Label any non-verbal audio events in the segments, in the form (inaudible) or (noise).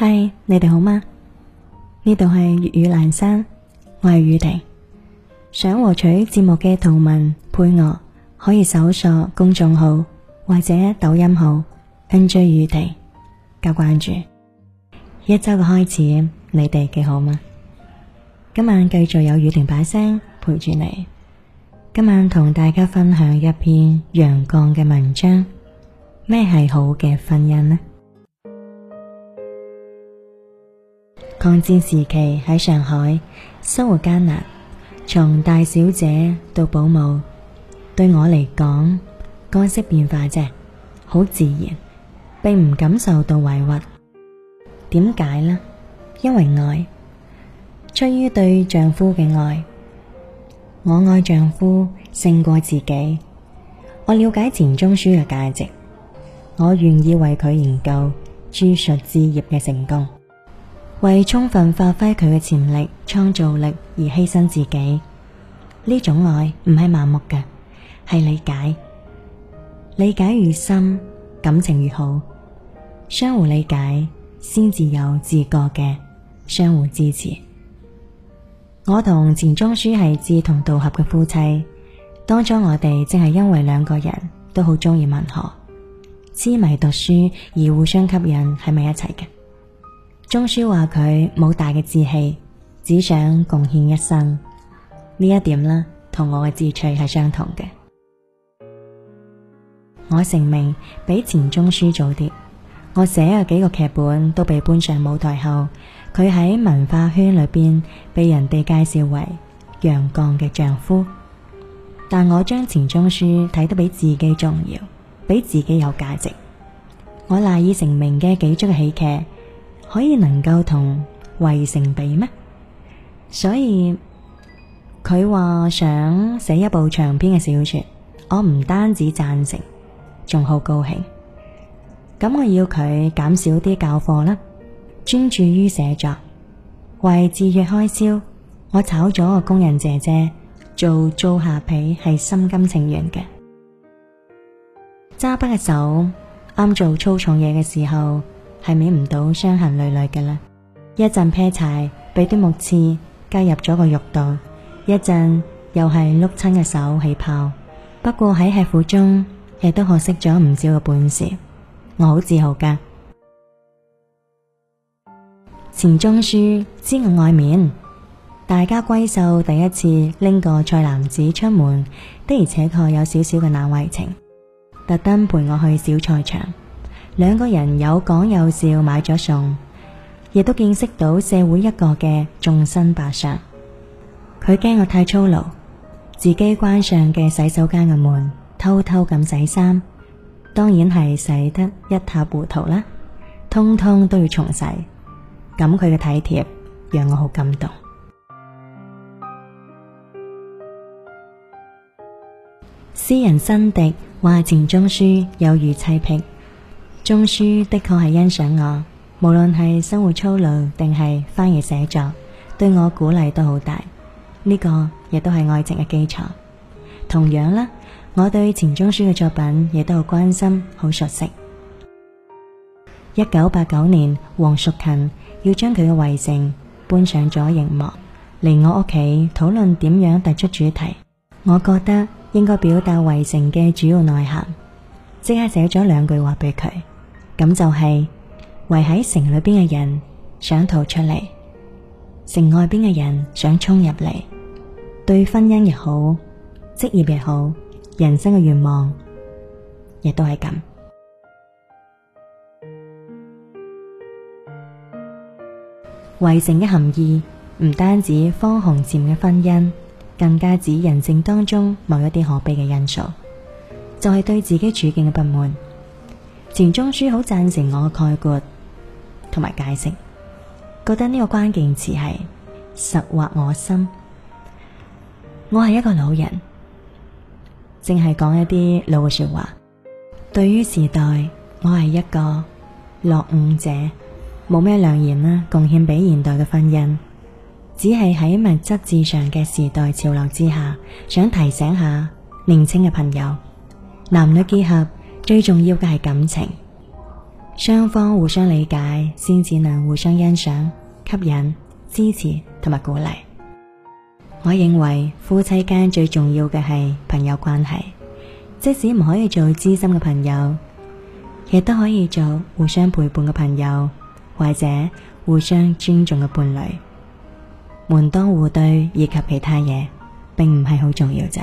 嗨，Hi, 你哋好嗎？呢度係粵語欄山，我係雨婷。想獲取節目嘅圖文配樂，可以搜索公眾號或者抖音號 NJ 雨婷，加關注。一周嘅開始，你哋幾好嗎？今晚繼續有雨婷把聲陪住你。今晚同大家分享一篇楊絳嘅文章。咩係好嘅婚姻呢？抗戰時期喺上海生活艱難，從大小姐到保姆，對我嚟講，角色變化啫，好自然，並唔感受到委屈。點解呢？因為愛，出於對丈夫嘅愛，我愛丈夫勝過自己。我了解錢鍾書嘅價值，我願意為佢研究著述志業嘅成功。為充分發揮佢嘅潛力、創造力而犧牲自己，呢種愛唔係盲目嘅，係理解。理解越深，感情越好。相互理解先至有自覺嘅相互支持。我同錢鍾書係志同道合嘅夫妻，當初我哋正係因為兩個人都好中意文學、痴迷讀書而互相吸引是是，係咪埋一齊嘅？鍾書話佢冇大嘅志氣，只想貢獻一生，呢一點啦，同我嘅志趣係相同嘅。我成名比錢鍾書早啲，我寫嘅幾個劇本都被搬上舞台後，佢喺文化圈裏邊被人哋介紹為楊絳嘅丈夫。但我將錢鍾書睇得比自己重要，比自己有價值。我賴以成名嘅幾齣喜劇。可以能夠同圍城比咩？所以佢話想寫一部長篇嘅小說，我唔單止贊成，仲好高興。咁我要佢減少啲教課啦，專注於寫作。為節約開銷，我炒咗個工人姐姐做灶下婢，係心甘情願嘅。揸筆嘅手啱做粗重嘢嘅時候。係免唔到傷痕累累嘅啦，一陣劈柴，俾啲木刺加入咗個肉度；一陣又係碌親嘅手起泡。不過喺吃苦中，亦都學識咗唔少嘅本事，我好自豪噶。錢鍾書知我外面，大家閨秀第一次拎個菜籃子出門，的而且確有少少嘅難為情，特登陪我去小菜場。兩個人有講有笑，買咗餸，亦都見識到社會一個嘅眾生百相。佢驚我太粗魯，自己關上嘅洗手間嘅門，偷偷咁洗衫，當然係洗得一塌糊塗啦，通通都要重洗。咁佢嘅體貼讓我好感動。詩 (music) 人辛笛話：錢鍾書有譽妻癖。鍾書的確係欣賞我，無論係生活操勞定係翻譯寫作，對我鼓勵都好大。呢、這個亦都係愛情嘅基礎。同樣啦，我對錢鍾書嘅作品亦都好關心、好熟悉。一九八九年，黃蜀芹要將佢嘅圍城搬上咗熒幕，嚟我屋企討論點樣突出主題。我覺得應該表達圍城嘅主要內涵，即刻寫咗兩句話俾佢。咁就係圍喺城裏邊嘅人想逃出嚟，城外邊嘅人想衝入嚟。對婚姻亦好，職業亦好，人生嘅願望亦都係咁。圍 (music) 城嘅含義唔單止方鴻漸嘅婚姻，更加指人性當中某一啲可悲嘅因素，就係、是、對自己處境嘅不滿。錢鍾書好贊成我嘅概括同埋解釋，覺得呢個關鍵詞係實獲我心。我係一個老人，淨係講一啲老嘅說話。對於時代，我係一個落伍者，冇咩良言啦，貢獻俾現代嘅婚姻。只係喺物質至上嘅時代潮流之下，想提醒下年輕嘅朋友，男女結合。最重要嘅係感情，雙方互相理解，先至能互相欣賞、吸引、支持同埋鼓勵。我認為夫妻間最重要嘅係朋友關係，即使唔可以做知心嘅朋友，亦都可以做互相陪伴嘅朋友，或者互相尊重嘅伴侶。門當戶對以及其他嘢，並唔係好重要啫。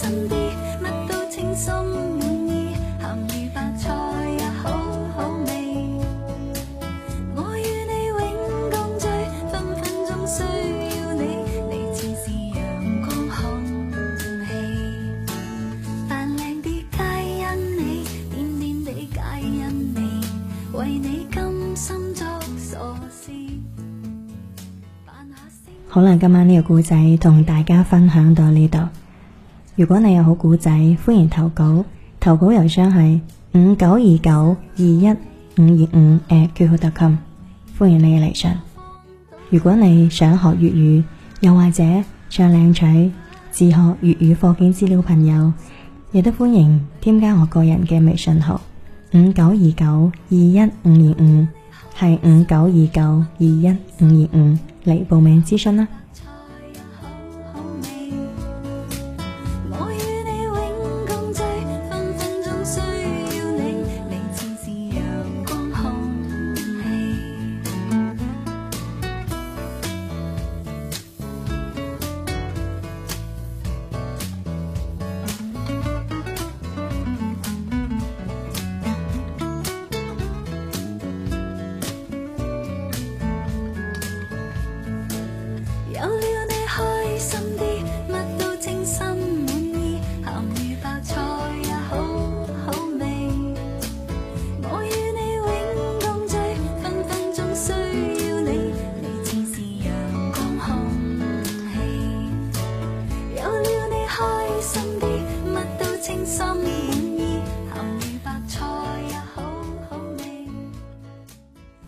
身邊，乜都稱心滿意，鹹魚白菜也好、啊、好味。我與你永共聚，分分鐘需要你，你似是陽光空氣，扮靚啲皆因你，癲癲地皆因你，為你甘心做傻事。好啦，今晚呢個故仔同大家分享到呢度。如果你有好古仔，歡迎投稿，投稿郵箱係五九二九二一五二五，誒，括號特琴，歡迎你嘅嚟上。如果你想學粵語，又或者想領取自學粵語課件資料，朋友亦都歡迎添加我個人嘅微信號五九二九二一五二五，係五九二九二一五二五嚟報名諮詢啦。